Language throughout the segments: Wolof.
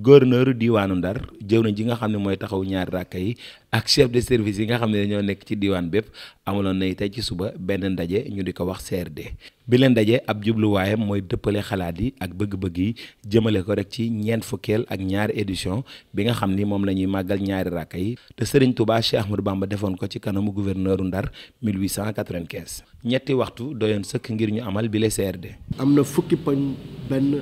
gouverneur diwaanu Ndar jëw nañ ji nga xam ne mooy taxaw ñaari ràkka yi ak chef de service yi nga xam ne dañoo nekk ci diwaan bépp amaloon na tey ci suba benn ndaje ñu di ko wax CRD bi leen ndaje ab jubluwaayam mooy dëppale xalaat yi ak bëgg-bëgg yi jëmale ko rek ci ñeent fukkeel ak ñaari édition bi nga xam ni moom la ñuy màggal ñaari ràkka yi te Serigne Touba Cheikh Ahmadou Bamba defoon ko ci kanamu gouverneuru Ndar 1895 ñetti waxtu doyoon sëkk ngir ñu amal bi le am na fukki poñ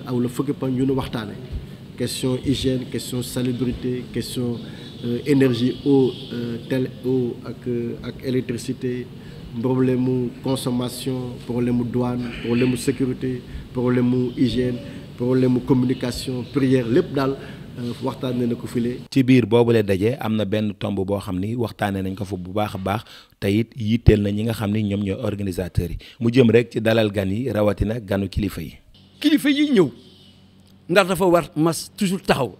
aw la fukki poñ yu nu waxtaanee. question hygiène question salubrité question euh, énergie eau euh, tel eau ak euh, ak électricité problème mu consommation problème mu douane problème mu sécurité problème mu hygiène problème mu communication prière lépp daal waxtaan waxtaanee na ko file. ci biir boobule daje am na benn tomb boo xam ni waxtaanee nañ ko fa bu baax a baax te it yitteel na ñi nga xam ni ñoom ñoo organisateurs yi mu jëm rek ci dalal gan yi rawatina ganu kilifa yi. kilifa yi ñëw. ndax dafa war mas toujours taxaw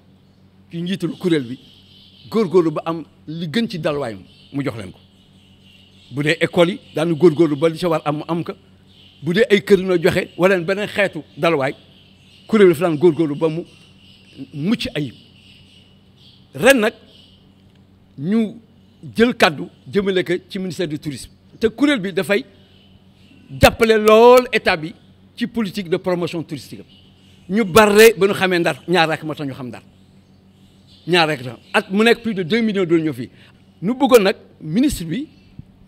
ci njiitul kuréel bi góor góorgóorlu ba am li gën ci dalwaayam mu jox leen ko bu dee école yi daanu góor ba li ci war am mu am ka bu dee ay kër noo joxe wala beneen xeetu dalwaay kuréel bi dafa daan ba mu mucc ayib ren nag ñu jël kàddu jëmale ko ci ministère du tourisme te kuréel bi dafay jàppale lool état bi ci politique de promotion touristique ñu bare ba nu xamee ndar ñaar rakk moo tax ñu xam ndar ñaar rek tax at mu nekk plus de 2 millions doon ñëw fi nu bëggoon nag ministre bi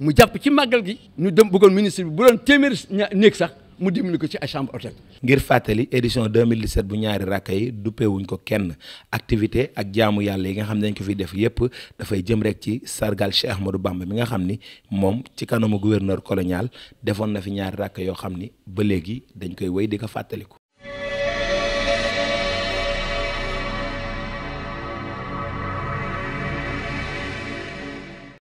mu jàpp ci màggal gi ñu dem bëggoon ministre bu doon téeméer néeg sax mu dimbali ko ci ay chambre ngir fàttali édition 2017 bu ñaari rakka yi duppewuñ ko kenn activité ak jaamu yàlla yi nga xam ne dañ ko fi def yépp dafay jëm rek ci sargal Cheikh Ahmadou Bamba mi nga xam ni moom ci kanamu gouverneur koloñaal defoon na fi ñaari rakka yoo xam ni ba léegi dañ koy wéy di ko fàttaliku.